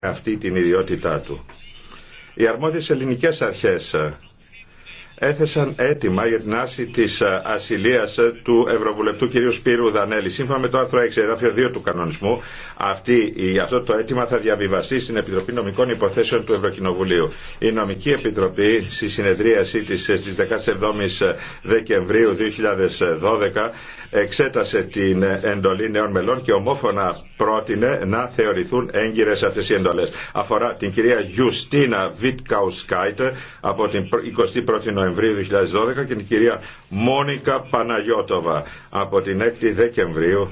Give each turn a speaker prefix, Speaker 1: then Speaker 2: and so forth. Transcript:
Speaker 1: αυτή την ιδιότητά του. Οι αρμόδιες ελληνικές αρχές έθεσαν αίτημα για την άρση τη ασυλία του Ευρωβουλευτού κ. Σπύρου Δανέλη. Σύμφωνα με το άρθρο 6, εδάφιο 2 του κανονισμού, αυτή, αυτό το αίτημα θα διαβιβαστεί στην Επιτροπή Νομικών Υποθέσεων του Ευρωκοινοβουλίου. Η Νομική Επιτροπή, στη συνεδρίασή της ε, στις 17 ε, Δεκεμβρίου 2012, εξέτασε την ε, εντολή νέων μελών και ομόφωνα πρότεινε να θεωρηθούν έγκυρες αυτέ οι εντολέ. Αφορά την κυρία Γιουστίνα Βιτκαουσκάιτ από την 21η Νοεμβρίου Νοεμβρίου 2012 και την κυρία Μόνικα Παναγιώτοβα από την 6η
Speaker 2: Δεκεμβρίου